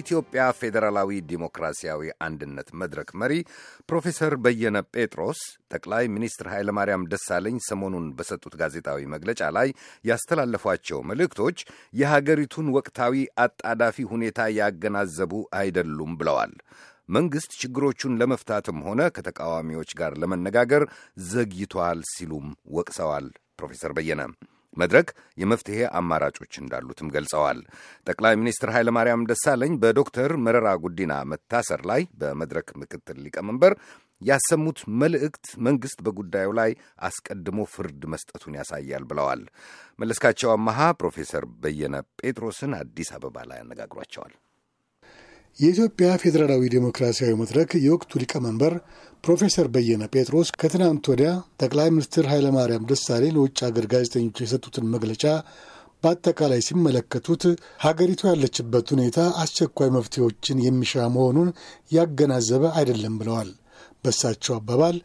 የኢትዮጵያ ፌዴራላዊ ዲሞክራሲያዊ አንድነት መድረክ መሪ ፕሮፌሰር በየነ ጴጥሮስ ጠቅላይ ሚኒስትር ኃይለማርያም ደሳለኝ ሰሞኑን በሰጡት ጋዜጣዊ መግለጫ ላይ ያስተላለፏቸው መልእክቶች የሀገሪቱን ወቅታዊ አጣዳፊ ሁኔታ ያገናዘቡ አይደሉም ብለዋል። መንግሥት ችግሮቹን ለመፍታትም ሆነ ከተቃዋሚዎች ጋር ለመነጋገር ዘግይቷል ሲሉም ወቅሰዋል ፕሮፌሰር በየነ መድረክ የመፍትሄ አማራጮች እንዳሉትም ገልጸዋል። ጠቅላይ ሚኒስትር ኃይለማርያም ደሳለኝ በዶክተር መረራ ጉዲና መታሰር ላይ በመድረክ ምክትል ሊቀመንበር ያሰሙት መልእክት መንግሥት በጉዳዩ ላይ አስቀድሞ ፍርድ መስጠቱን ያሳያል ብለዋል። መለስካቸው አመሃ ፕሮፌሰር በየነ ጴጥሮስን አዲስ አበባ ላይ አነጋግሯቸዋል። የኢትዮጵያ ፌዴራላዊ ዴሞክራሲያዊ መድረክ የወቅቱ ሊቀመንበር ፕሮፌሰር በየነ ጴጥሮስ ከትናንት ወዲያ ጠቅላይ ሚኒስትር ኃይለማርያም ደሳሌ ለውጭ ሀገር ጋዜጠኞች የሰጡትን መግለጫ በአጠቃላይ ሲመለከቱት ሀገሪቱ ያለችበት ሁኔታ አስቸኳይ መፍትሄዎችን የሚሻ መሆኑን ያገናዘበ አይደለም ብለዋል። በሳቸው አባባል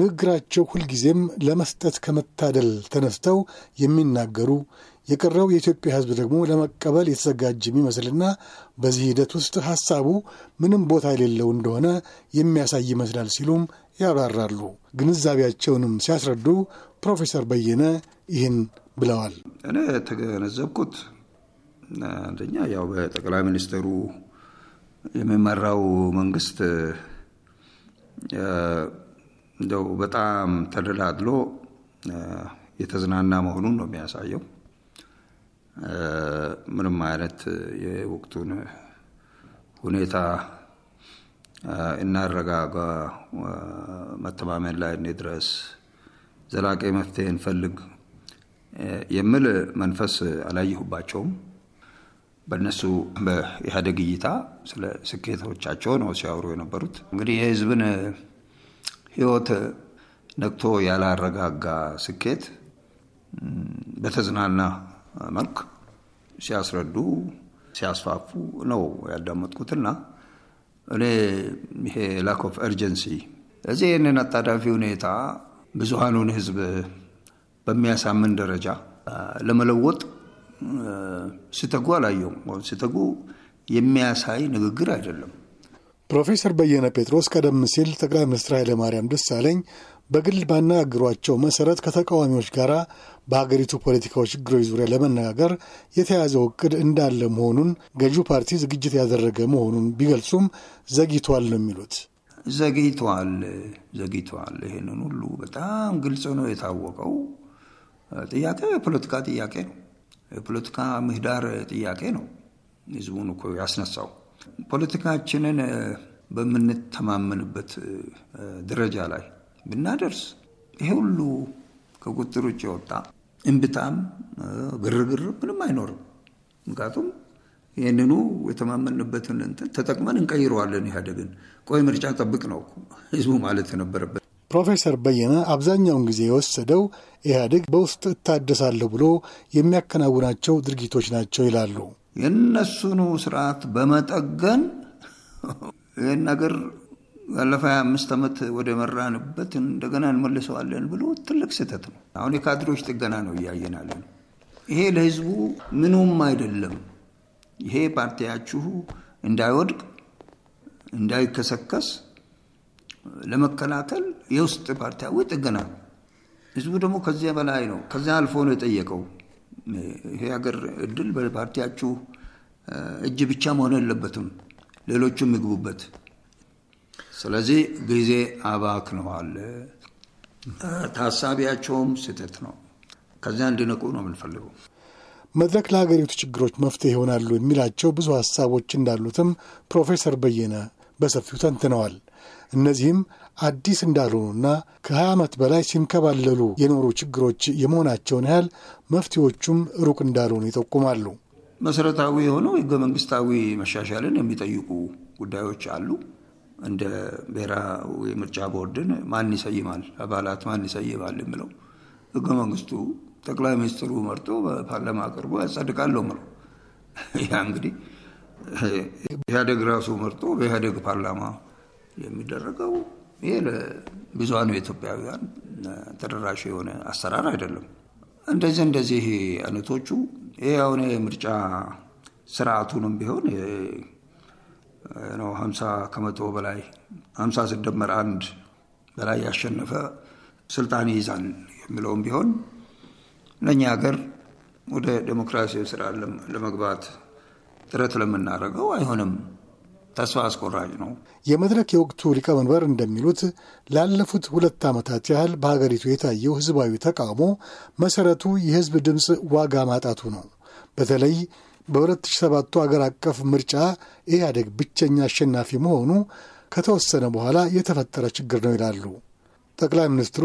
ንግግራቸው ሁልጊዜም ለመስጠት ከመታደል ተነስተው የሚናገሩ የቀረው የኢትዮጵያ ሕዝብ ደግሞ ለመቀበል የተዘጋጀ የሚመስልና በዚህ ሂደት ውስጥ ሀሳቡ ምንም ቦታ የሌለው እንደሆነ የሚያሳይ ይመስላል ሲሉም ያብራራሉ። ግንዛቤያቸውንም ሲያስረዱ ፕሮፌሰር በየነ ይህን ብለዋል። እኔ የተገነዘብኩት አንደኛ ያው በጠቅላይ ሚኒስትሩ የሚመራው መንግስት እንደው በጣም ተደላድሎ የተዝናና መሆኑን ነው የሚያሳየው። ምንም አይነት የወቅቱን ሁኔታ እናረጋጋ፣ መተማመን ላይ እንድረስ፣ ዘላቂ መፍትሄ እንፈልግ የሚል መንፈስ አላየሁባቸውም። በእነሱ በኢህአዴግ እይታ ስለ ስኬቶቻቸው ነው ሲያወሩ የነበሩት። እንግዲህ የህዝብን ህይወት ነቅቶ ያላረጋጋ ስኬት በተዝናና መልክ ሲያስረዱ ሲያስፋፉ ነው ያዳመጥኩትና እኔ ይሄ ላክ ኦፍ ኤርጀንሲ እዚህ ይህንን አጣዳፊ ሁኔታ ብዙሀኑን ህዝብ በሚያሳምን ደረጃ ለመለወጥ ሲተጉ አላየውም። ሲተጉ የሚያሳይ ንግግር አይደለም። ፕሮፌሰር በየነ ጴጥሮስ ቀደም ሲል ጠቅላይ ሚኒስትር ኃይለማርያም ደሳለኝ በግል ባነጋግሯቸው መሰረት ከተቃዋሚዎች ጋር በሀገሪቱ ፖለቲካዊ ችግሮች ዙሪያ ለመነጋገር የተያዘው እቅድ እንዳለ መሆኑን ገዢው ፓርቲ ዝግጅት ያደረገ መሆኑን ቢገልጹም ዘግይቷል ነው የሚሉት። ዘግይቷል ዘግይቷል። ይህንን ሁሉ በጣም ግልጽ ነው የታወቀው። ጥያቄ የፖለቲካ ጥያቄ ነው። የፖለቲካ ምህዳር ጥያቄ ነው። ህዝቡን እኮ ያስነሳው ፖለቲካችንን በምንተማመንበት ደረጃ ላይ ብናደርስ ይሄ ሁሉ ከቁጥር ውጭ የወጣ እምብታም ግርግር ምንም አይኖርም። ምክንያቱም ይህንኑ የተማመንበትን እንትን ተጠቅመን እንቀይረዋለን ኢህአዴግን። ቆይ ምርጫ ጠብቅ ነው ህዝቡ ማለት የነበረበት። ፕሮፌሰር በየነ አብዛኛውን ጊዜ የወሰደው ኢህአዴግ በውስጥ እታደሳለሁ ብሎ የሚያከናውናቸው ድርጊቶች ናቸው ይላሉ። የእነሱኑ ስርዓት በመጠገን ይህን ነገር ባለፈ ሀያ አምስት ዓመት ወደ መራንበት እንደገና እንመልሰዋለን ብሎ ትልቅ ስህተት ነው። አሁን የካድሬዎች ጥገና ነው እያየናለን። ይሄ ለህዝቡ ምኑም አይደለም። ይሄ ፓርቲያችሁ እንዳይወድቅ እንዳይከሰከስ ለመከላከል የውስጥ ፓርቲያዊ ጥገና ነው። ህዝቡ ደግሞ ከዚያ በላይ ነው፣ ከዚያ አልፎ ነው የጠየቀው። ይሄ ሀገር እድል በፓርቲያችሁ እጅ ብቻ መሆን የለበትም፣ ሌሎቹም ይግቡበት ስለዚህ ጊዜ አባክነዋል። ታሳቢያቸውም ስህተት ነው። ከዚያ እንዲነቁ ነው የምንፈልገው። መድረክ ለሀገሪቱ ችግሮች መፍትሄ ይሆናሉ የሚላቸው ብዙ ሀሳቦች እንዳሉትም ፕሮፌሰር በየነ በሰፊው ተንትነዋል። እነዚህም አዲስ እንዳልሆኑና ከ20 ዓመት በላይ ሲንከባለሉ የኖሩ ችግሮች የመሆናቸውን ያህል መፍትሄዎቹም ሩቅ እንዳልሆኑ ይጠቁማሉ። መሰረታዊ የሆነው ህገ መንግስታዊ መሻሻልን የሚጠይቁ ጉዳዮች አሉ። እንደ ብሔራዊ ምርጫ ቦርድን ማን ይሰይማል፣ አባላት ማን ይሰይማል የምለው ህገ መንግስቱ ጠቅላይ ሚኒስትሩ መርጦ በፓርላማ አቅርቦ ያጸድቃለሁ ነው ያ እንግዲህ ኢህአደግ ራሱ መርጦ በኢህአደግ ፓርላማ የሚደረገው ይሄ ለብዙሀኑ ኢትዮጵያውያን ተደራሽ የሆነ አሰራር አይደለም። እንደዚህ እንደዚህ አይነቶቹ ይሄ አሁን የምርጫ ስርዓቱንም ቢሆን ነው። 50 ከመቶ በላይ 50 ስደመር አንድ በላይ ያሸነፈ ስልጣን ይይዛል የሚለውም ቢሆን ለእኛ ሀገር ወደ ዴሞክራሲያዊ ስራ ለመግባት ጥረት ለምናደርገው አይሆንም። ተስፋ አስቆራጭ ነው። የመድረክ የወቅቱ ሊቀመንበር እንደሚሉት ላለፉት ሁለት ዓመታት ያህል በሀገሪቱ የታየው ህዝባዊ ተቃውሞ መሰረቱ የህዝብ ድምፅ ዋጋ ማጣቱ ነው። በተለይ በ 2007 አገር አቀፍ ምርጫ ኢህአዴግ ብቸኛ አሸናፊ መሆኑ ከተወሰነ በኋላ የተፈጠረ ችግር ነው ይላሉ ጠቅላይ ሚኒስትሩ።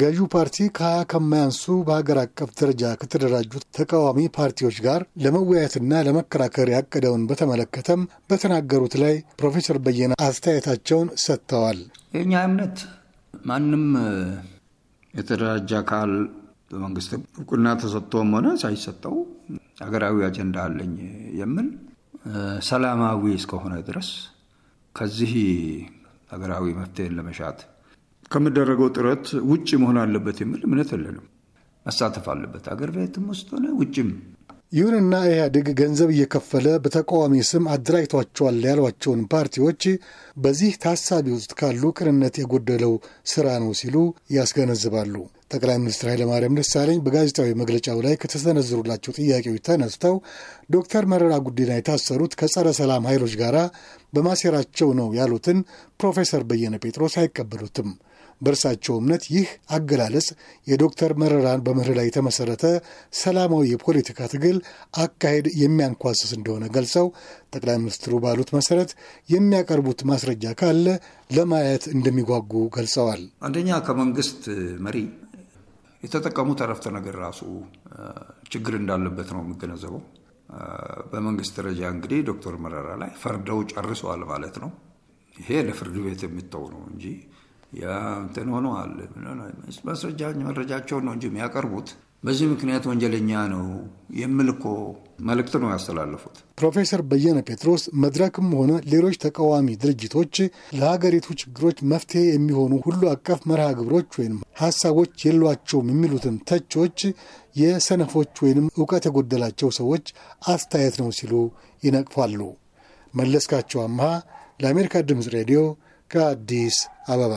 ገዢው ፓርቲ ከሀያ ከማያንሱ በሀገር አቀፍ ደረጃ ከተደራጁ ተቃዋሚ ፓርቲዎች ጋር ለመወያየትና ለመከራከር ያቀደውን በተመለከተም በተናገሩት ላይ ፕሮፌሰር በየነ አስተያየታቸውን ሰጥተዋል። የእኛ እምነት ማንም የተደራጀ አካል በመንግስትም እውቅና ተሰጥቶም ሆነ ሳይሰጠው ሀገራዊ አጀንዳ አለኝ የሚል ሰላማዊ እስከሆነ ድረስ ከዚህ ሀገራዊ መፍትሄን ለመሻት ከሚደረገው ጥረት ውጭ መሆን አለበት የምል እምነት የለንም። መሳተፍ አለበት አገር ቤትም ውስጥ ሆነ ውጭም። ይሁንና ኢህአዴግ ገንዘብ እየከፈለ በተቃዋሚ ስም አደራጅቷቸዋል ያሏቸውን ፓርቲዎች በዚህ ታሳቢ ውስጥ ካሉ ቅንነት የጎደለው ስራ ነው ሲሉ ያስገነዝባሉ። ጠቅላይ ሚኒስትር ኃይለማርያም ደሳለኝ በጋዜጣዊ መግለጫው ላይ ከተሰነዘሩላቸው ጥያቄዎች ተነስተው ዶክተር መረራ ጉዲና የታሰሩት ከጸረ ሰላም ኃይሎች ጋር በማሴራቸው ነው ያሉትን ፕሮፌሰር በየነ ጴጥሮስ አይቀበሉትም። በእርሳቸው እምነት ይህ አገላለጽ የዶክተር መረራን በመርህ ላይ የተመሠረተ ሰላማዊ የፖለቲካ ትግል አካሄድ የሚያንኳስስ እንደሆነ ገልጸው ጠቅላይ ሚኒስትሩ ባሉት መሠረት የሚያቀርቡት ማስረጃ ካለ ለማየት እንደሚጓጉ ገልጸዋል። አንደኛ ከመንግስት መሪ የተጠቀሙት አረፍተ ነገር ራሱ ችግር እንዳለበት ነው የምገነዘበው። በመንግስት ደረጃ እንግዲህ ዶክተር መረራ ላይ ፈርደው ጨርሰዋል ማለት ነው። ይሄ ለፍርድ ቤት የሚተው ነው እንጂ ያ እንትን ሆነዋል። ማስረጃ መረጃቸውን ነው እንጂ የሚያቀርቡት በዚህ ምክንያት ወንጀለኛ ነው የሚል እኮ መልእክት ነው ያስተላለፉት። ፕሮፌሰር በየነ ጴጥሮስ መድረክም ሆነ ሌሎች ተቃዋሚ ድርጅቶች ለሀገሪቱ ችግሮች መፍትሄ የሚሆኑ ሁሉ አቀፍ መርሃ ግብሮች ወይም ሀሳቦች የሏቸውም የሚሉትን ተቾች የሰነፎች ወይንም እውቀት የጎደላቸው ሰዎች አስተያየት ነው ሲሉ ይነቅፋሉ። መለስካቸው አምሃ ለአሜሪካ ድምፅ ሬዲዮ ከአዲስ አበባ